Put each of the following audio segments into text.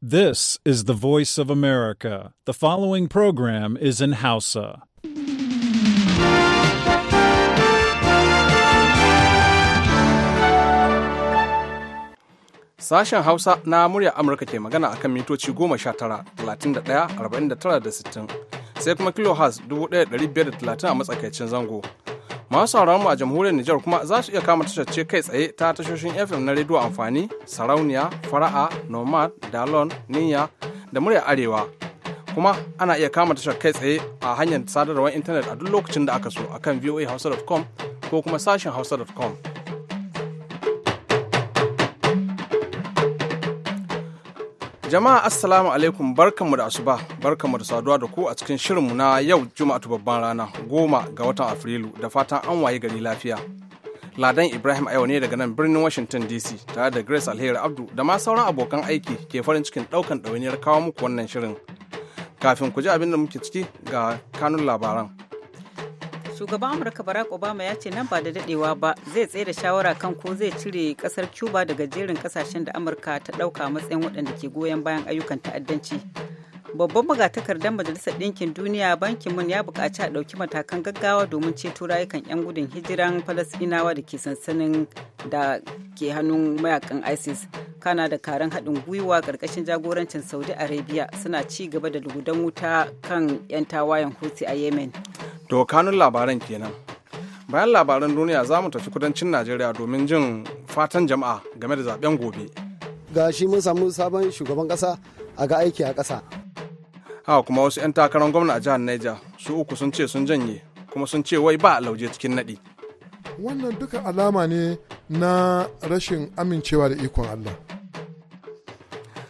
This is the voice of America. The following program is in Hausa. Sashen Hausa na murya Amurka ke magana a kan mitoci 19, 31, 49 da 60, sai kuma kilohertz 1530 a matsakaicin zango. masu sauraron mu a jamhuriyar Nijar kuma za su iya kama tashar kai tsaye ta tashoshin FM na rediyo amfani sarauniya fara'a nomad dalon niya da murya arewa kuma ana iya kama tashar kai tsaye a hanyar sadarwar intanet a duk lokacin da aka so akan voahausa.com ko kuma sashen hausa.com Jama'a Assalamu alaikum barkanmu da asuba barkanmu da saduwa da ku a cikin shirinmu na yau Juma'atu babban rana goma ga watan Afrilu da fatan an waye gari lafiya. Ladan Ibrahim a ne daga nan birnin Washington DC tare da Grace Alheri Abdu da ma sauran abokan aiki ke farin cikin ɗaukan ɗawainiyar kawo muku wannan shirin. Kafin ku ji abin da muke ciki ga kanun labaran. shugaban amurka barack obama ya ce nan ba da dadewa ba zai tsaye da shawara kan ko zai cire kasar cuba daga jerin kasashen da amurka ta dauka matsayin waɗanda ke goyon bayan ayyukan ta'addanci babban magatakardar majalisar ɗinkin duniya bankin mun ya buƙaci a ɗauki matakan gaggawa domin ceto rayukan 'yan gudun hijiran falasɗinawa da ke sansanin da ke hannun mayakan isis kana da karen haɗin gwiwa karkashin jagorancin saudi arabia suna ci gaba da lugudan wuta kan 'yan tawayen hutu a yemen to kanun labaran kenan bayan labaran duniya za mu tafi kudancin najeriya domin jin fatan jama'a game da zaben gobe ga shi mun samu sabon shugaban ƙasa a ga aiki a ƙasa haka kuma wasu 'yan takarar gwamna a jihar Niger su uku sun ce sun janye kuma sun ce wai ba lauje cikin naɗi. Wannan duka alama ne na rashin amincewa da ikon Allah.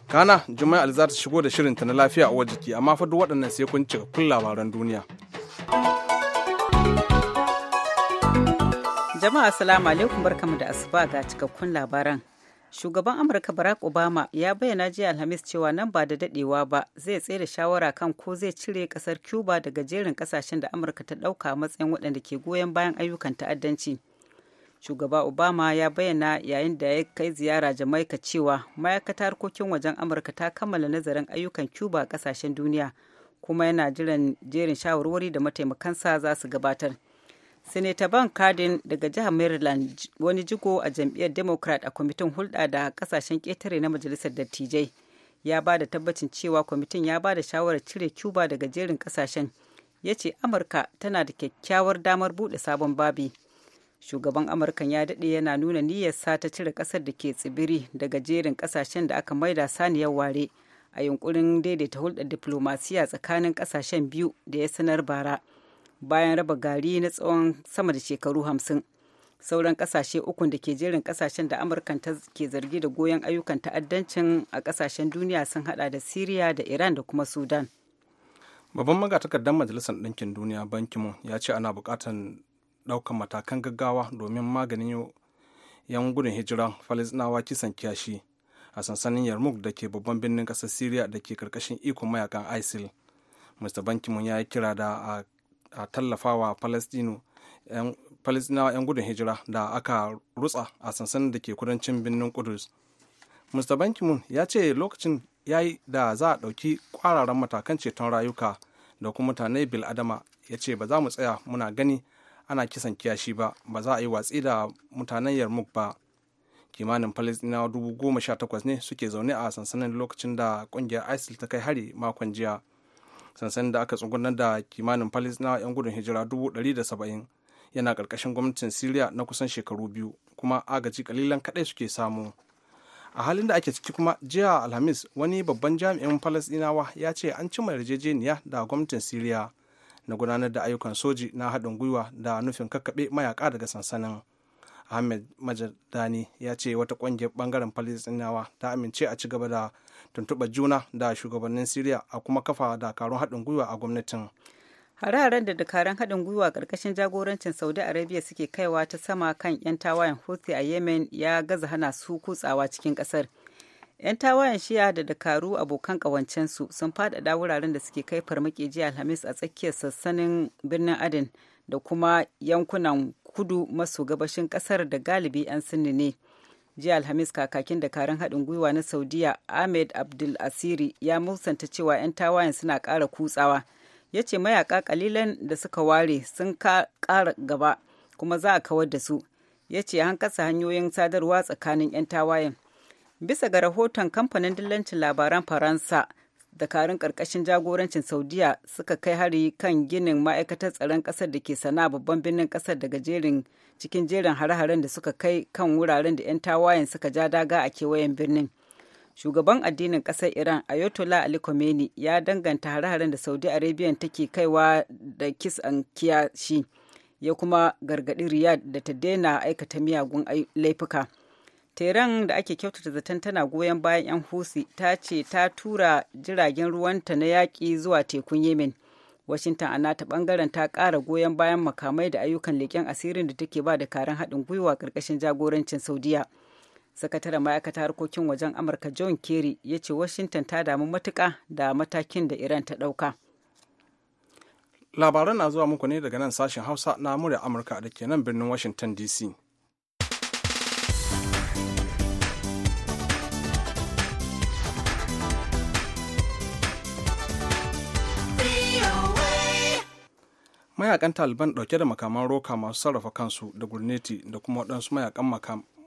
Kana Juma'a Ali za ta shigo da shirinta na lafiya a jiki amma fa duk waɗannan sai kun cika kun labaran duniya. Jama'a assalamu alaikum barkamu da asuba ga cikakkun labaran. shugaban amurka barack obama ya bayyana jiya alhamis cewa nan ba da dadewa ba zai tsere shawara kan ko zai cire kasar cuba daga jerin kasashen da amurka ta dauka matsayin waɗanda ke goyon bayan ayyukan ta'addanci shugaba obama ya bayyana yayin da ya kai ziyara jamaika cewa ma'aikata harkokin wajen amurka ta kammala nazarin ayyukan cuba a kasashen duniya kuma yana jiran jerin shawarwari da mataimakansa za su gabatar seneta Ban Cardin daga jihar Maryland wani jigo a jam'iyyar Democrat a kwamitin hulɗa da kasashen ƙetare na Majalisar Dattijai ya ba da tabbacin cewa kwamitin ya ba da shawarar cire Cuba daga jerin kasashen. Ya ce Amurka tana da kyakkyawar damar buɗe sabon babi. Shugaban Amurkan ya daɗe yana nuna niyyarsa ta cire ƙasar da ke tsibiri daga jerin ƙasashen da aka maida saniyar ware a yunkurin daidaita hulɗar diflomasiya tsakanin ƙasashen biyu da ya sanar bara. bayan raba gari na tsawon sama da shekaru hamsin sauran kasashe ukun da ke jerin kasashen da amurkan ta ke zargi da goyon ayyukan ta'addancin a kasashen duniya sun hada da siriya da iran da kuma sudan babban magatakardar majalisar ɗinkin duniya bankin ya ce ana buƙatar ɗaukar matakan gaggawa domin maganin yan gudun hijira falisnawa kisan kiyashi a sansanin yarmouk da ke babban birnin ƙasar siriya da ke karkashin ikon mayakan isil mr bankin ya yi kira da a a tallafawa palestino palestinawa 'yan gudun hijira da aka rutsa a sansanin da ke kudancin birnin kudus mr banki mun ya ce lokacin ya yi da za a ɗauki kwararan matakan ceton rayuka da kuma mutane bil adama ya ce ba za mu tsaya muna gani ana kisan kiyashi ba ba za a yi watsi da mutanen yarmuk ba kimanin palestinawa dubu goma sha takwas ne suke zaune a sansanin lokacin da ƙungiyar isil ta kai hari makon jiya sansanin da aka tsugunar da kimanin palestinawa 'yan gudun hijira 170 yana ƙarƙashin gwamnatin syria na kusan shekaru biyu kuma agaji kalilan kaɗai suke samu a halin da ake ciki kuma jiya alhamis wani babban jami'in palestinawa ya ce an cimma yarjejeniya da gwamnatin syria na gudanar da ayyukan soji na haɗin gwiwa da nufin kakkaɓe mayaka daga sansanin ahmed majadani ya ce wata ƙungiyar bangaren palestinawa ta amince a ci gaba da tuntuɓar juna da shugabannin syria a kuma kafa dakarun haɗin gwiwa a gwamnatin haren da dakarun haɗin gwiwa ƙarƙashin jagorancin saudi arabia suke kaiwa ta sama kan 'yan tawayen houthi a yemen ya gaza hana su kutsawa cikin ƙasar 'yan tawayen shiya da dakaru abokan ƙawancensu sun faɗaɗa wuraren da suke kai farmaki jiya alhamis a tsakiyar sassanin birnin adin da kuma yankunan kudu maso gabashin kasar da galibi 'yan sinni ne jiya alhamis kakakin da karin haɗin gwiwa na saudiya ahmed abdul asiri ya musanta cewa 'yan tawayen suna ƙara kutsawa ya ce mayaka ƙalilan da suka ware sun ƙara gaba kuma za a kawar da su ya ce an kasa hanyoyin sadarwa tsakanin 'yan tawayen bisa ga rahoton kamfanin dillancin labaran faransa dakarun karkashin jagorancin saudiya suka kai hari kan ginin ma'aikatar tsaron kasar da ke sana babban birnin kasar daga jerin cikin jerin hare-haren da suka kai kan wuraren da 'yan tawayen suka ja daga a kewayen birnin shugaban addinin kasar iran ayatollah ali khomeini ya danganta hare-haren da saudi arabia take kaiwa da kis an kiyashi ya kuma gargaɗi Riyad da ta daina aikata miyagun laifuka teran da ake kyautata zaton tana goyon bayan 'yan husi ta ce ta tura jiragen ruwanta na yaƙi zuwa tekun yemen washington a nata bangaren ta ƙara goyon bayan makamai da ayyukan leƙen asirin da take ba da karan haɗin gwiwa ƙarƙashin jagorancin saudiya sakataren ma'aikatar harkokin wajen amurka john kerry ya ce washington ta damu matuka da matakin da iran ta ɗauka labaran na zuwa muku ne daga nan sashen hausa na murya amurka da ke nan birnin washington dc mayakan taliban dauke da makaman roka masu sarrafa kansu da gurneti da kuma waɗansu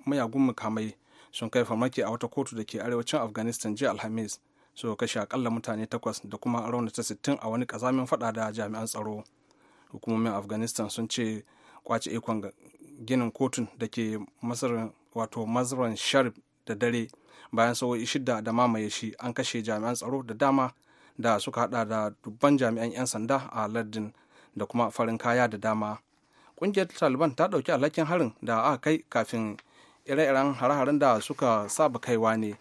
mayagun makamai sun kai farmaki a wata kotu da ke arewacin afghanistan jiya alhamis suka kashe akalla mutane takwas da kuma raunata sittin a wani kazamin fada da jami'an tsaro hukumomin afghanistan sun ce kwace ikon ginin kotun da ke wato masarar sharif da dare bayan sa'o'i shida da mamaye shi an kashe jami'an tsaro da dama da suka hada da dubban jami'an 'yan sanda a lardin da kuma farin kaya da dama ƙungiyar taliban ta ɗauki alhakin harin da aka kai kafin ire-iren hare-haren da suka saba kaiwa ne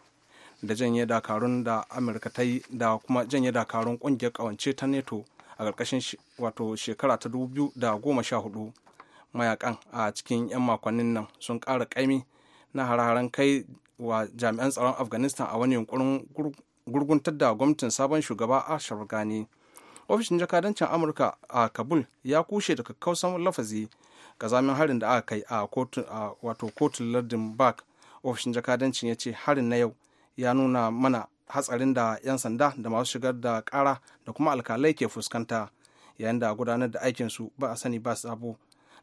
da janye dakarun da amurka ta yi da kuma janye dakarun ƙungiyar ƙawance ta neto a ƙarƙashin wato shekara ta biyu da 2014 mayakan a cikin 'yan makonnin nan sun ƙara ƙaimi na hare-haren kai wa jami'an tsaron afghanistan a wani yunkurin gurguntar da gwamnatin sabon shugaba ashraf ghani ofishin jakadancin amurka a kabul ya kushe da kakkausan lafazi kazamin harin da aka kai a wato kotun lardin bak ofishin jakadancin ya ce harin na yau ya nuna mana hatsarin da 'yan sanda da masu shigar da kara da kuma alkalai ke fuskanta yayin da gudanar da aikinsu ba a sani ba sabo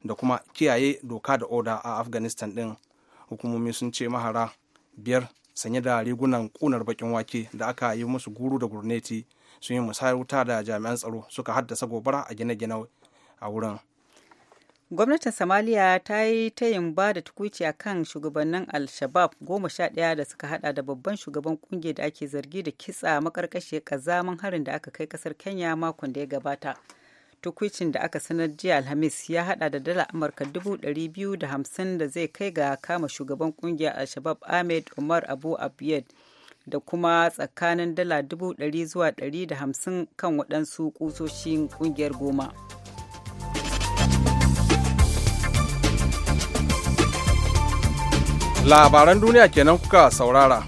da kuma kiyaye doka da oda a afghanistan din hukumomi sun ce mahara biyar sanye da rigunan kunar bakin wake da aka yi musu guru da gurneti sun yi musayar wuta da jami'an tsaro suka haddasa gobara a gine-gine a wurin gwamnatin somalia ta yi tayin ba da tukuci a kan shugabannin al shabaab goma sha ɗaya da suka hada da babban shugaban kungiyar da ake zargi da kitsa makarkashe kazaman harin da aka kai kasar kenya makon da ya gabata tukwicin da aka sanar jiya alhamis ya hada da dala amurka dubu biyu da hamsin da zai kai ga kama shugaban kungiyar al shabaab ahmed umar abu abiyad da kuma tsakanin dala dubu ɗari zuwa ɗari da hamsin kan waɗansu ƙusoshin ƙungiyar goma. Labaran duniya kenan kuka saurara.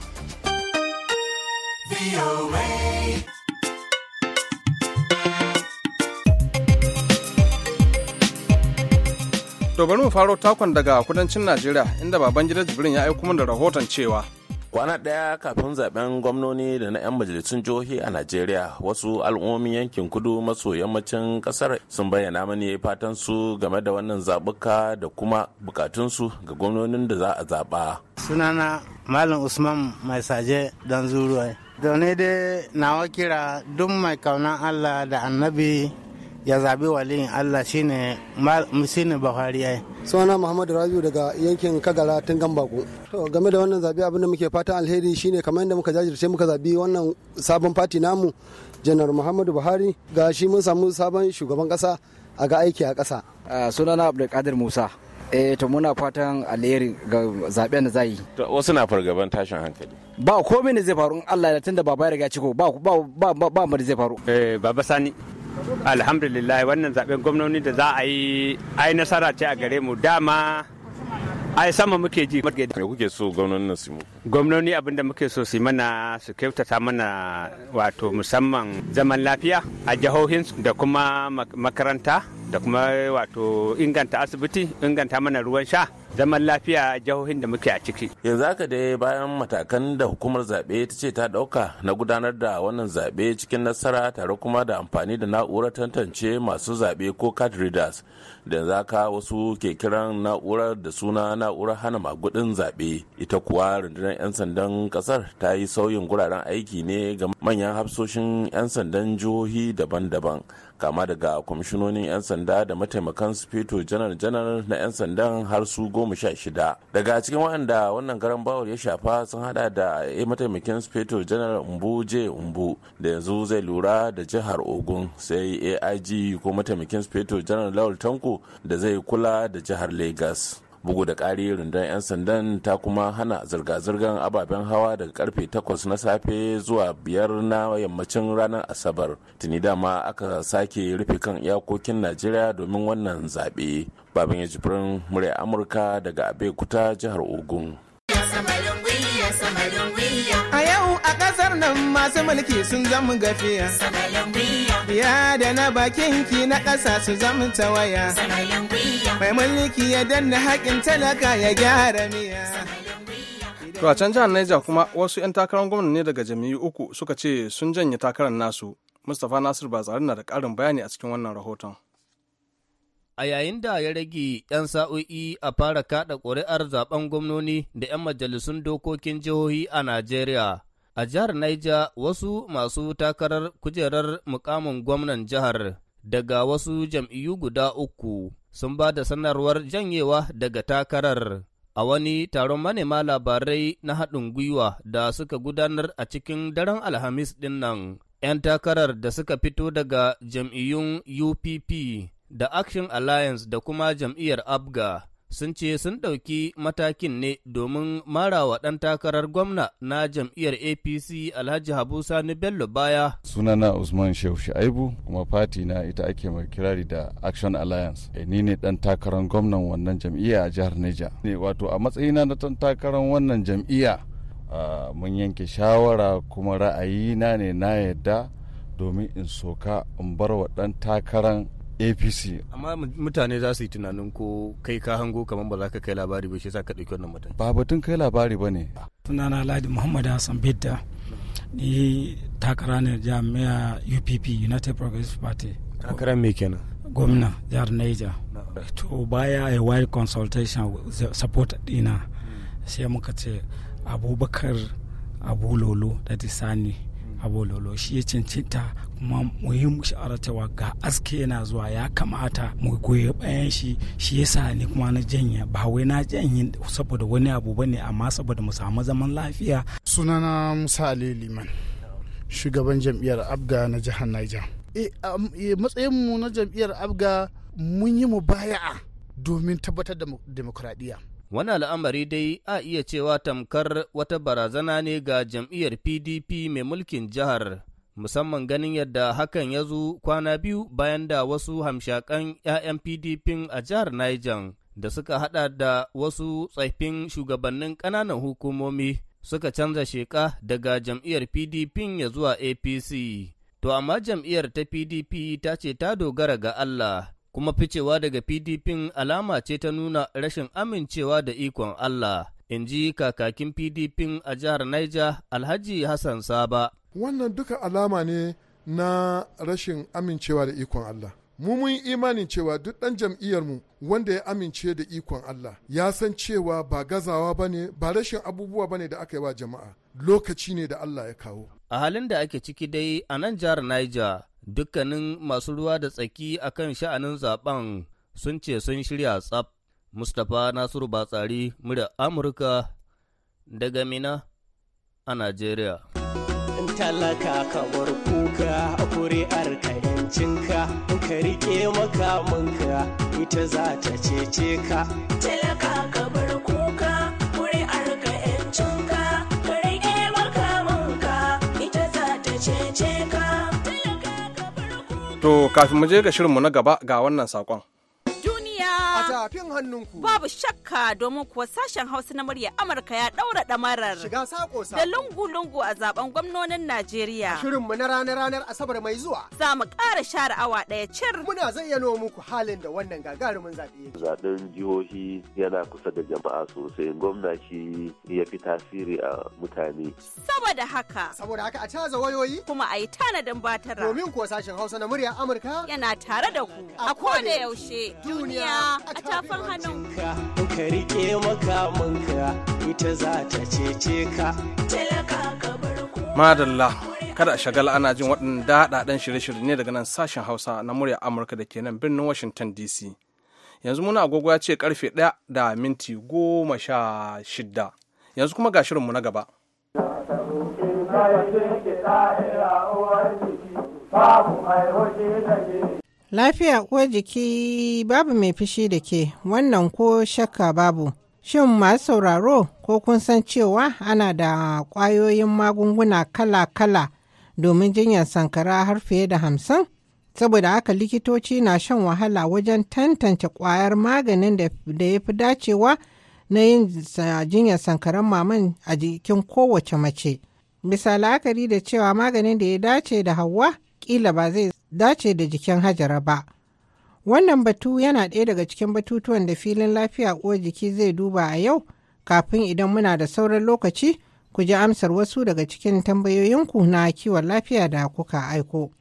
To bari mu faro takon daga kudancin Najeriya inda baban Jibrin ya aiko mana da rahoton cewa kwana ɗaya kafin zaben gwamnoni da na 'yan majalisun jihohi a najeriya wasu al'ummomin yankin kudu maso yammacin kasar sun bayyana mani fatan su game da wannan zabuka da kuma bukatunsu ga gwamnonin da za a zaba sunana malam usman mai saje don zuruwa da ne dai nawa kira duk mai kaunan allah da annabi ya zabi waliyin Allah shine shine Buhari yayi suna Muhammadu Rabiu daga yankin Kagara tun Gambako to game da wannan zabi abin da muke fatan alheri shine kamar yadda muka jajirce muka zabi wannan sabon fati namu janar Muhammadu Buhari ga shi mun samu sabon shugaban kasa a ga aiki a kasa sunana Abdulkadir Musa eh to muna fatan alheri ga zaben da zai to wasu na fargaban tashin hankali ba komai ne zai faru in Allah ya tunda baba ya riga ciko ba ba ba ba mu zai faru eh baba sani alhamdulillah wannan zaben gwamnoni da za a yi ai nasara ce a gare mu dama ai sama muke ji me kuke so gwamnoni na su gwamnoni abin da muke so su mana su kyautata mana wato musamman zaman lafiya a jihohin da kuma makaranta da kuma wato inganta asibiti inganta mana ruwan sha zaman lafiya a jihohin da muke a ciki yanzu haka dai bayan matakan da hukumar zaɓe ta ce ta ɗauka na gudanar da wannan zaɓe cikin nasara tare kuma da amfani da na'urar tantance masu zaɓe ko card readers da zaka wasu ke kiran na'urar da suna na'urar hana magudin zaɓe ita kuwa rundunar 'yan sandan ƙasar ta yi sauyin guraren aiki ne ga manyan hafsoshin 'yan sandan jihohi daban-daban kama daga kwamishinonin 'yan sanda da mataimakan sufeto janar janar na 'yan sandan har su goma sha shida daga cikin waɗanda wannan garan bawar ya shafa sun hada da eh, mataimakin sufeto janar umbu je umbu da yanzu zai lura da jihar ogun sai aig ko mataimakin sufeto janar lawal tanko da zai kula da jihar lagos bugu da ƙari rundunar 'yan sandan ta kuma hana zirga-zirgar ababen hawa daga karfe 8 na safe zuwa biyar na yammacin ranar asabar tuni dama aka sake rufe kan iyakokin najeriya domin wannan zaɓe baban ya jibirin murya amurka daga kuta jihar ogun nan masu mulki sun zama gafiya ya da na bakin ki na ƙasa su zama tawaya mai mulki ya danna haƙin talaka ya gyara miya To a can jihar Niger kuma wasu 'yan takarar gwamnati ne daga jami'u uku suka ce sun janye takarar nasu. Mustapha Nasir ba na da ƙarin bayani a cikin wannan rahoton. a yayin da ya rage 'yan sa'o'i a fara kada ƙuri'ar zaben gwamnoni da 'yan majalisun dokokin jihohi a Najeriya. A jihar Naija wasu masu takarar kujerar mukamin gwamnan jihar daga wasu jam'iyyu guda uku sun ba da sanarwar janyewa daga takarar a wani taron manema labarai na haɗin gwiwa da suka gudanar a cikin daren Alhamis ɗin nan. 'Yan takarar da suka fito daga jam'iyyun UPP da Action Alliance da kuma jam'iyyar ABGA sun ce sun ɗauki matakin ne domin marawa ɗan takarar gwamna na jam'iyyar apc alhaji habu sani bello baya sunana usman shehu shaibu kuma fati na ita ake mai kirari da action alliance e, ni ne ɗan takarar gwamnan wannan jam'iyya a jihar neja ne wato a matsayina na ɗan takarar wannan jam'iyya mun yanke shawara kuma ra'ayi na ne na yadda domin in soka in bar wa ɗan takarar apc amma mutane za su yi tunanin ko kai ka hango kamar ba za ka kai labari ba shi sa ka ɗauki wannan mutane ba batun kai labari ba ne sunana ladi muhammad hassan bidda ni takara ne jami'a upp united progressive party takara me kenan gwamna jihar niger to baya a wide consultation support dina sai muka ce abubakar abu lolo da tisani abu lolo shi ya cancanta kuma mu yi sha'arar ga aske yana zuwa ya kamata mu goyi bayan shi shi yasa ni kuma na janya ba wai na janye saboda wani abu bane amma saboda mu samu zaman lafiya sunana Musa Ali Liman shugaban jam'iyyar Abga na jihar Niger eh, eh, matsayin mu na jam'iyyar Abga mun yi mu baya'a domin tabbatar da demokradiyya Wani al'amari dai a iya cewa tamkar wata barazana ne ga jam'iyyar PDP mai mulkin jihar musamman ganin yadda hakan ya zo kwana biyu bayan da wasu hamshakan 'ya'yan PDP a jihar Niger da suka hada da wasu tsaifin shugabannin ƙananan hukumomi suka canza sheka daga jam'iyyar PDP ya zuwa APC. To amma jam'iyyar ta PDP ta ce ta dogara ga Allah, kuma ficewa daga PDP alama ce ta nuna rashin amincewa da ikon Allah, in ji kakakin PDP a jihar Niger Alhaji Hassan Saba. wannan duka alama ne na rashin amincewa da ikon Allah mu mun imanin cewa duk ɗan mu wanda ya amince da ikon Allah ya san cewa ba gazawa ba ne ba rashin abubuwa ba ne da aka yi wa jama'a lokaci ne da Allah ya kawo. A halin da ake ciki dai a nan jihar Niger dukkanin masu ruwa da tsaki akan sha'anin zaben sun ce sun shirya tsaf. Mustapha Nasiru Batsari, murya Amurka daga Mina a Najeriya. talaka ka bar kuka kuri'ar ka yancinka in ka rike makaminka ita za ta cece ka talaka ka bar kuka kuri'ar ka yancinka ka rike makaminka ita za ta cece ka To kafin mu je ga shirinmu na gaba ga wannan sakon tafin hannunku. Babu shakka domin kuwa sashen Hausa na murya Amurka ya ɗaura ɗamarar. Shiga sako sako. Da lungu-lungu a zaben gwamnonin Najeriya. Shirinmu na ranar-ranar Asabar mai zuwa. Za mu ƙara share awa ɗaya cir. Muna zayyano muku halin da wannan gagarumin zaɓe. Zaɓen jihohi yana kusa da jama'a sosai. Gwamna shi ya fi tasiri a mutane. Saboda haka. Saboda haka a caza wayoyi. Kuma a yi tanadin batara. Domin kuwa sashen Hausa na murya Amurka. Yana tare da ku. A kowane yaushe. Duniya a tafin hannunka ka rike makamanka ita za ta cece ka madalla kada a shagala ana jin waɗanda daɗaɗen shirye-shirye ne daga nan sashen hausa na murya amurka da ke nan birnin washington dc yanzu muna agogo ya ce karfe ɗaya da minti goma sha shida yanzu kuma ga shirinmu na gaba babu mai hoji da ke Lafiya uwar jiki babu mai fushi da ke wannan ko shakka babu. Shin masu sauraro ko kun san cewa ana da ƙwayoyin magunguna kala-kala domin jinyar sankara har fiye da hamsin? Saboda haka likitoci na shan wahala wajen tantance ƙwayar maganin da ya fi dacewa na yin jinyar sankaran maman a jikin kowace mace. Bisa la'akari da cewa maganin da ya dace da hawa ƙila ba zai dace da jikin hajara ba. Wannan batu yana ɗaya daga cikin batutuwan da filin lafiya uwar jiki zai duba a yau kafin idan muna da sauran lokaci ku ji amsar wasu daga cikin tambayoyinku na kiwon lafiya da kuka aiko.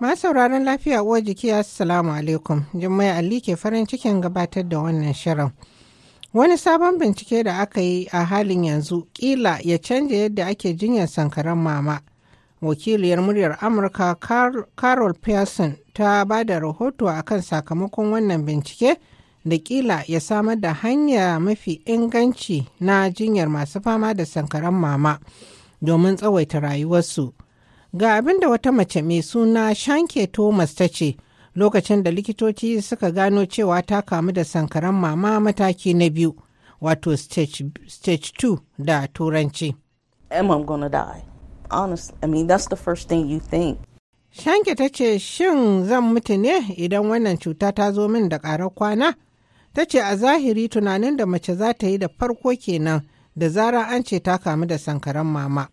Ma sauraron lafiya uwar jiki assalamu alaikum. Jummai Ali ke farin cikin gabatar da wannan shirin. Wani sabon bincike da aka yi a halin yanzu kila ya canja yadda ake jinyar sankaran mama. Wakiliyar muryar Amurka Carol Pearson ta ba da rahoto a kan sakamakon wannan bincike da kila ya samar da hanya mafi inganci na jinyar masu fama da sankaran mama domin tsawaita rayuwarsu. Ga abinda wata mace mai suna Shanke Thomas ta ce, lokacin da likitoci suka gano cewa ta kamu da sankaran mama mataki na biyu wato stage 2 da turanci. Shanke ta ce shin zan mutu ne idan wannan cuta ta zo min da ƙarar kwana? Ta ce a zahiri tunanin da mace za ta yi da farko kenan da zara an ce ta kamu da sankaran mama.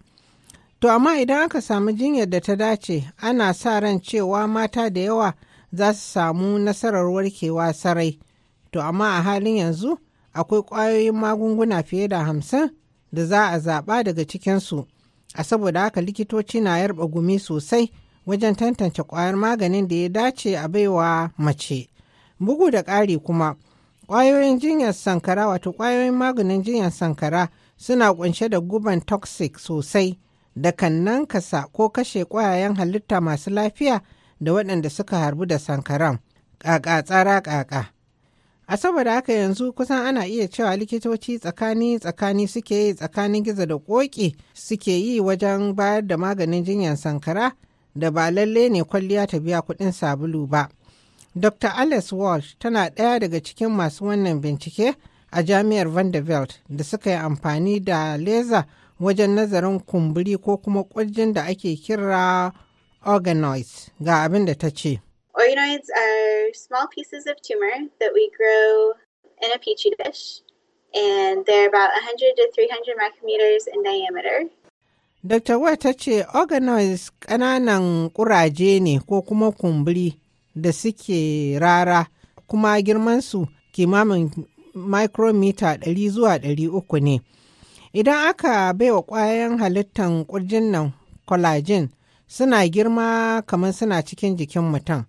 To amma idan aka samu jinyar da ta dace ana sa ran cewa mata da yawa za su samu nasarar warkewa sarai to amma a halin yanzu akwai ƙwayoyin magunguna fiye da hamsin da za a zaɓa daga cikinsu a saboda haka likitoci na yarba gumi sosai wajen tantance ƙwayar maganin da ya dace a baiwa mace bugu da ƙari kuma ƙwayoyin jinyar sankara wato ƙwayoyin maganin jinyar sankara suna ƙunshe da guban toxic sosai da kan nankasa ko kashe ƙwayayen halitta masu lafiya da waɗanda suka harbu da sankaran ƙaƙa tsara ƙaƙa. A saboda haka yanzu kusan ana iya cewa likitoci tsakani tsakani suke yi tsakanin gizo da ƙoƙi suke yi wajen bayar da maganin jinyar sankara da ba lalle ne kwalliya ta biya kuɗin sabulu ba. Dr. Alice Walsh tana ɗaya daga cikin masu wannan bincike a jami'ar Vanderbilt da suka yi amfani da leza wajen nazarin kumburi ko kuma ƙurjin da ake kira organoids ga abin da ta ce. Organoids are small pieces of tumor that we grow in a petri dish and they're about 100 to 300 micrometers in diameter. Dr. Wa ta ce organoids ƙananan ƙuraje ne ko kuma kumburi da suke rara kuma girmansu kimamin micrometer 100 zuwa 300 ne. Idan aka baiwa ƙwayan halittan ƙurjin nan collagen suna girma kamar suna cikin jikin mutum.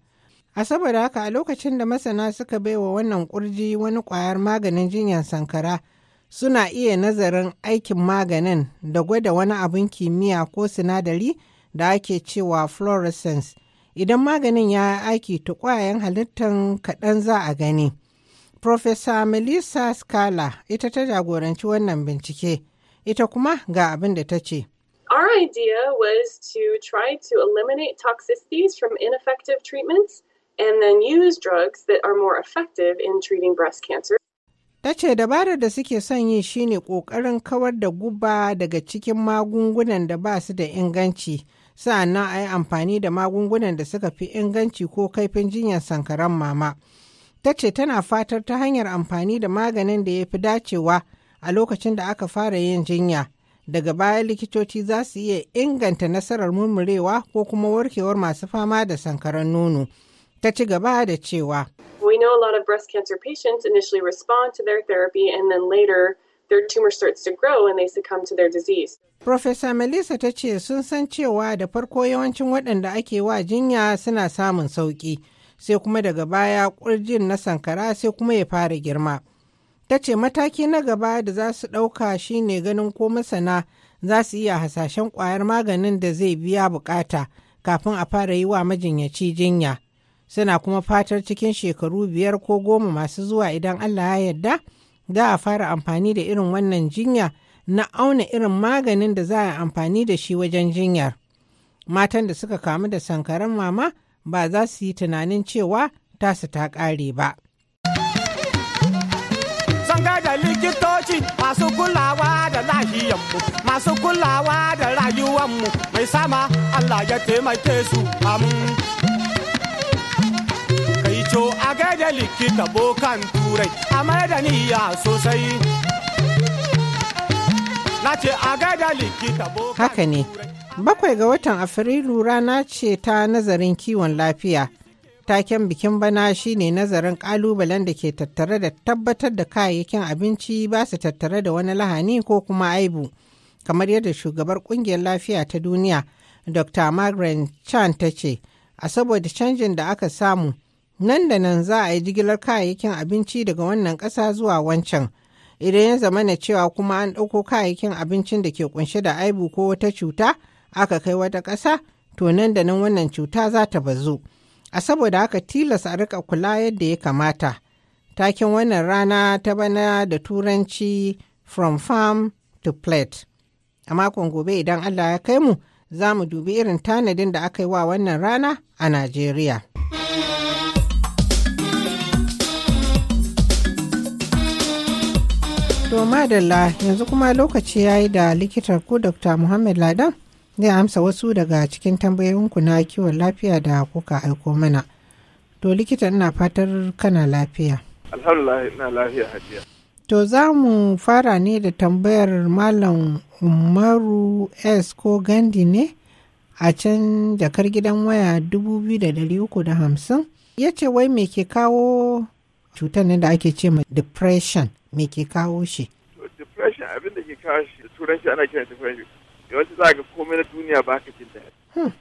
A saboda haka a lokacin da masana suka baiwa wannan ƙurji, wani ƙwayar maganin jinyar sankara suna iya nazarin aikin maganin da gwada wani abin kimiyya ko sinadari da ake cewa fluorescence. Idan maganin ya aiki ta ƙwayayen halittan kaɗan za a gani. Profesa Melissa Scala ita ta jagoranci wannan bincike, ita kuma ga abin da ta ce. Our idea was to try to eliminate toxicities from ineffective treatments and then use drugs that are more effective in treating breast cancer. Ta ce dabarar da suke son yi ƙoƙarin kawar da guba daga cikin magungunan da ba su da inganci, sa'annan a yi amfani da magungunan da suka fi inganci ko kaifin jinyar sankaran mama. Ta ce tana fatar ta hanyar amfani da maganin da ya fi dacewa a lokacin da aka fara yin jinya, daga baya likitoci za su iya inganta nasarar murmurewa ko kuma warkewar masu fama da sankaran nono ta ci gaba da cewa we know a lot of breast cancer patients initially respond to their therapy and then later their tumor starts to grow and they succumb to their disease. Professor Melissa ta ce sun san cewa da farko yawancin waɗanda ake wa jinya suna samun sauƙi, sai kuma daga baya ƙurjin na sankara sai kuma ya fara girma. ta ce mataki na gaba da za su ɗauka shine ganin ko masana za su iya hasashen ƙwayar maganin da zai biya bukata kafin a fara yi wa majinyaci jinya suna kuma fatar cikin shekaru biyar ko goma masu zuwa idan allah ya yarda za a fara amfani da irin wannan jinya na auna irin maganin da za a amfani da shi wajen jinyar matan da suka kamu da sankaran mama ba za su yi tunanin cewa tasu ta ƙare ba. da lahiyanmu masu kulawa da rayuwanmu mai sama Allah ya taimake su amin. Kai co a gaida likita bokan turai a da sosai. Na ce a gaida likita bokan Haka ne, bakwai ga watan Afrilu rana ce ta nazarin kiwon lafiya. Taken bikin bana shine nazarin ƙalubalen da ke tattare da tabbatar da kayayyakin abinci ba su tattare da wani lahani ko kuma aibu, kamar yadda shugabar ƙungiyar lafiya ta duniya, Dr. Margaret Chan ta ce, a saboda canjin da aka samu, nan da nan za a yi jigilar kayayyakin abinci daga wannan ƙasa zuwa wancan. Idan ya zama na cewa kuma an ɗauko kayayyakin abincin da ke kunshe da aibu ko wata cuta aka kai wata ƙasa, to nan da nan wannan cuta za ta bazu. a saboda haka tilas a rika kula yadda ya kamata Takin wannan rana ta bana da turanci from farm to plate a makon gobe idan allah ya kai mu za mu dubi irin tanadin da aka yi wa wannan rana a najeriya to madalla yanzu kuma lokaci ya yi da likitar ku dr muhammad ladan zai amsa wasu daga cikin tambayoyinku na kiwon lafiya da kuka aiko mana. To likita ina fatar kana lafiya. Alhamdulillah ina lafiya hajiya. To za mu fara ne da tambayar Malam Umaru S ko Gandi ne a can jakar gidan waya 2350 ya ce wai me ke kawo cutar nan da ake ce ma depression me ke kawo shi. Depression abin da ke kawo shi turanci ana kiran depression yawanci za ka komai na duniya ba ka jin daɗi hmm.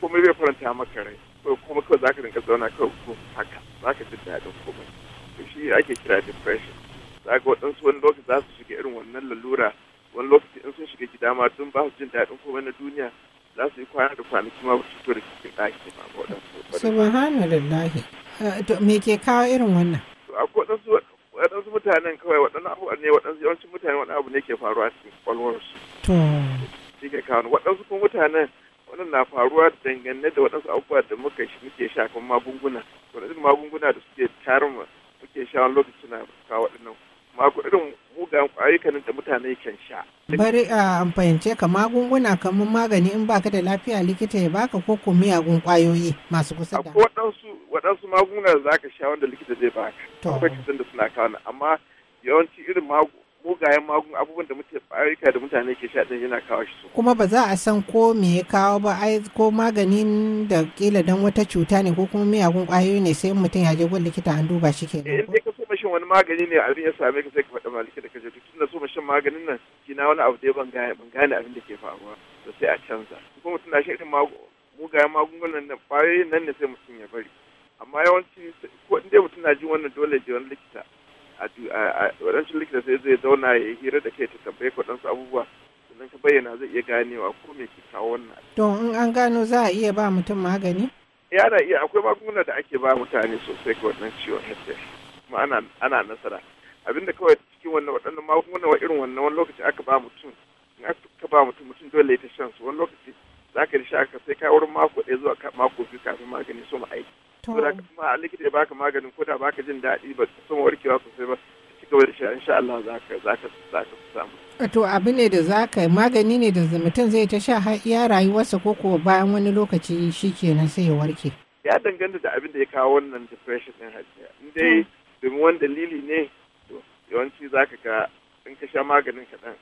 komai bai faranta maka rai kuma kawai za ka rinka zauna kawai ko haka za ka jin daɗin komai to shi ake kira depression za ka waɗansu wani lokaci za su shiga irin wannan lalura wani lokaci in sun shiga gida ma tun ba su jin daɗin komai na duniya za su yi kwana da kwanaki ma ba su fito da cikin ɗaki ma ba waɗansu. Eh, to me ke kawo irin wannan. akwai waɗansu waɗansu mutanen kawai waɗannan abu ne waɗansu yawancin mutane waɗannan abu ne ke faruwa cikin ƙwaƙwalwarsu. to shi kawo waɗansu kuma mutanen wannan na faruwa dangane da waɗansu abubuwa da muka muke sha kuma magunguna waɗansu magunguna da suke tarin muke sha wani lokaci suna kawo waɗannan magungunan mugayen ayyukan da mutane kan sha. bari a fahimce ka magunguna kamar magani in baka da lafiya likita ya baka ko ko miyagun ƙwayoyi masu kusa da. akwai waɗansu waɗansu magunguna da za ka sha wanda likita zai baka. to akwai da suna kawo amma yawanci irin magunguna mugayen magun abubuwan da muke ayyuka da mutane ke sha yana kawo shi kuma ba za a san ko me ya kawo ba ai ko maganin da kila dan wata cuta ne ko kuma miyagun kwayoyi ne sai mutum ya je gwal likita an duba shi kenan eh, in ka so mashin wani magani ne abin ya same ka sai ka faɗa ma likita ka je tun da so mashin maganin nan kina wani abu da ban gane ban gane abin da ke faruwa to sai a canza kuma mutum na shi mugayen magungunan nan kwayoyin nan ne sai mutum ya bari amma yawanci ko in dai mutum na jin wannan dole je wani likita rashin likita sai zai zauna ya hira da kai ta tambaye kwaɗansu abubuwa sannan ka bayyana zai iya ganewa ko me ke kawo wannan. to in an gano za a iya ba mutum magani? ya eh, na iya akwai magunguna da ake ba mutane sosai ga wannan ciwon hiv kuma ana nasara abinda kawai cikin wannan waɗannan magunguna wa irin wannan wani lokaci aka ba mutum in aka ba mutum mutum dole ya ta shan su wani lokaci za ka sha ka sai ka wurin mako ɗaya zuwa mako biyu kafin magani su mu aiki. saboda kuma likita ya baka maganin ko da baka jin daɗi ba kuma warkewa sosai ba ci gaba da sha insha Allah za ka za ka za ka samu to abu ne da za ka magani ne da mutum zai ta sha har iya rayuwarsa ko ko bayan wani lokaci shikenan sai ya warke ya danganta da abin da ya kawo wannan depression din hajiya in dai domin wani dalili ne to yawanci za ka ga in ka sha maganin kaɗan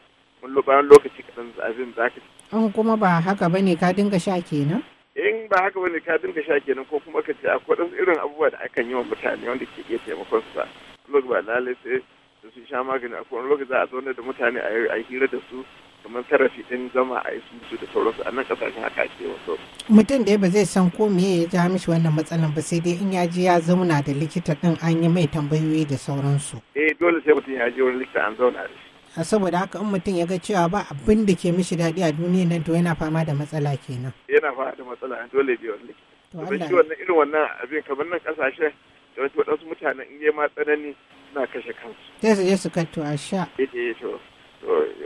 bayan lokaci kaɗan abin za ka an kuma ba haka ba ne ka dinga sha kenan in ba haka bane ka dinga sha kenan ko kuma ka ce akwai ɗansu irin abubuwa da akan yi wa mutane wanda ke iya taimakon su ba lok ba lalai sai da sun sha magani a kowane lokaci za a zauna da mutane a yi hira da su kamar sarrafi ɗin zama a yi su da sauransu a nan ƙasashen haka ake wasu. mutum da ba zai san ko me ya ja mishi wannan matsalan ba sai dai in ya ji ya zauna da likita ɗin an yi mai tambayoyi da sauransu. eh dole sai mutum ya je wani likita an zauna da shi. saboda haka in mutum ya ga cewa ba abin da ke mishi daɗi a duniya nan to yana fama da matsala kenan yana fama da matsala dole ne wannan to Allah shi wannan irin wannan abin kamar nan ƙasashe da wasu waɗansu mutanen in ma tsanani suna kashe kansu Ta su je su katto a sha Ita eh, ya to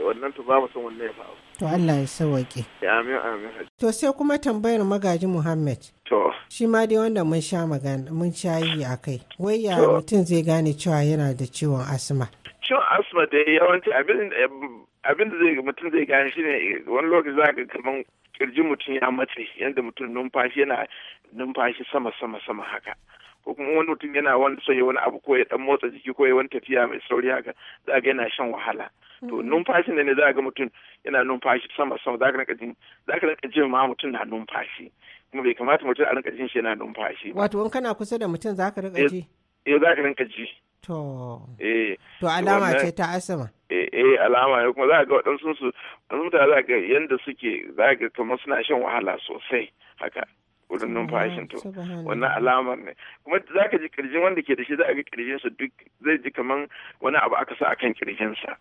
wannan to ba mu san wannan ya faru to Allah ya sauke amin amin to sai kuma tambayar magaji Muhammad to shi ma dai wanda mun sha magana mun sha yi a kai. wai ya mutum zai gane cewa yana da ciwon asma cin asma da yawanci abin da mutum zai gane shine wani lokaci za ka kaman kirji mutum ya matse yadda mutum numfashi yana numfashi sama sama sama haka ko kuma wani mutum yana wani sai wani abu ko ya dan motsa jiki ko ya wani tafiya mai sauri haka za ga yana shan wahala to mm-hmm. numfashi ne za ga mutum yana numfashi sama sama za ka rinka jin za ka rinka jin ma mutum na numfashi kuma bai kamata mutum a rinka jin shi yana numfashi wato wani kana kusa da mutum za ka rinka eh, ji eh za ka rinka ji To. Eh. To alama ce ta asama. Eh eh alama ne kuma za ga waɗansu su mutane za ga yanda suke za ga kamar suna shan wahala sosai haka. wurin numfashin to wannan alamar ne kuma za ka ji kirjin wanda ke da shi za a ga kirjin sa duk zai ji kaman wani abu aka sa akan kirjin sa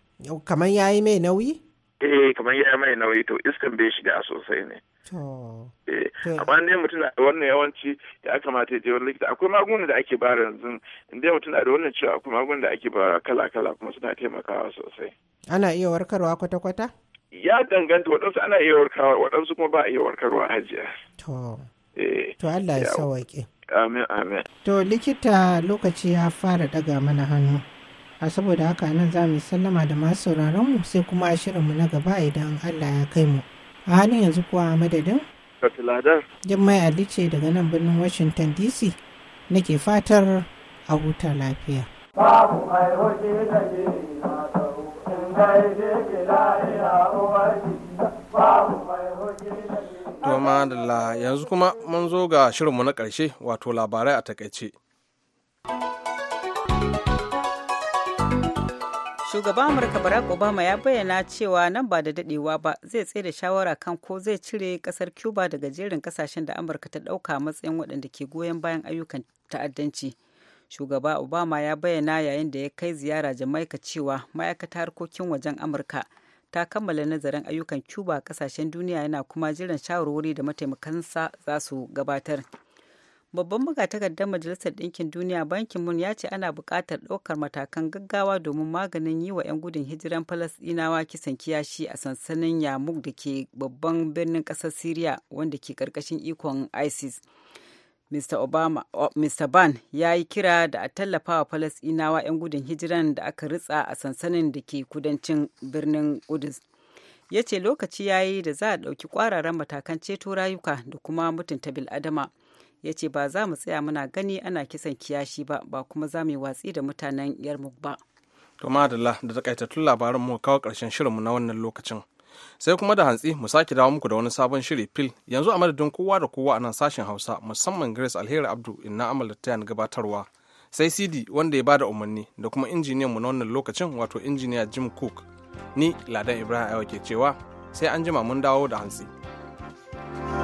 ya yi mai nauyi eh ya yi mai nauyi to iskan bai shiga sosai ne Eh, amma ne mutum na wannan yawanci ya kamata ya je wani likita akwai magunguna da ake bara yanzu inda mutum na da wannan cewa, akwai magunguna da ake bara kala-kala kuma suna taimakawa sosai ana iya warkarwa kwata-kwata ya danganta waɗansu ana iya warkarwa waɗansu kuma ba a iya warkarwa hajiya to eh. to Allah ya sawaƙe amin amin to likita lokaci ya fara daga mana hannu a saboda haka nan za mu sallama da masu sauraron mu sai kuma a shirinmu na gaba idan Allah ya kai mu a halin yanzu kuwa madadin katiladar jimmai ali ce daga nan birnin washington dc nake fatar a huta lafiya babu mai da ke na tsaro in yanzu kuma mun zo ga shirinmu na ƙarshe wato labarai a takaice. shugaban amurka barack obama ya bayyana cewa nan ba da dadewa ba zai tsaye da shawara kan ko zai cire kasar cuba daga jerin kasashen da amurka ta dauka matsayin waɗanda ke goyon bayan ayyukan ta'addanci shugaba obama ya bayyana yayin da ya kai ziyara jamaica cewa ma'aikata harkokin wajen amurka ta kammala nazarin ayyukan cuba kasashen duniya yana kuma jiran shawarwari da mataimakansa za su gabatar babban magatakardar majalisar ɗinkin duniya bankin mun ya ce ana buƙatar ɗaukar matakan gaggawa domin maganin yi wa 'yan gudun hijiran falasɗinawa kisan kiyashi a sansanin yamuk da ke babban birnin ƙasar syria wanda ke ƙarƙashin ikon isis mr, Obama, oh, ban ya yi kira da a tallafa wa falasɗinawa 'yan gudun hijiran da aka ritsa a sansanin da ke kudancin birnin kudus ya ce lokaci ya yi da za a ɗauki ƙwararren matakan ceto rayuka da kuma mutunta bil'adama. ya ce ba za mu tsaya muna gani ana kisan kiyashi ba ba kuma za mu yi watsi da mutanen yarmuk ba to madalla da takaitattun labaran mu kawo karshen shirinmu na wannan lokacin sai kuma da hantsi mu sake dawo muku da wani sabon shiri fil yanzu a madadin kowa da kowa a nan sashen hausa musamman grace alheri abdu inna amal da tayan gabatarwa sai cd wanda ya bada umarni da kuma injiniyan mu na wannan lokacin wato injiniya jim cook ni ladan ibrahim aiwa ke cewa sai an jima mun dawo da hantsi. thank you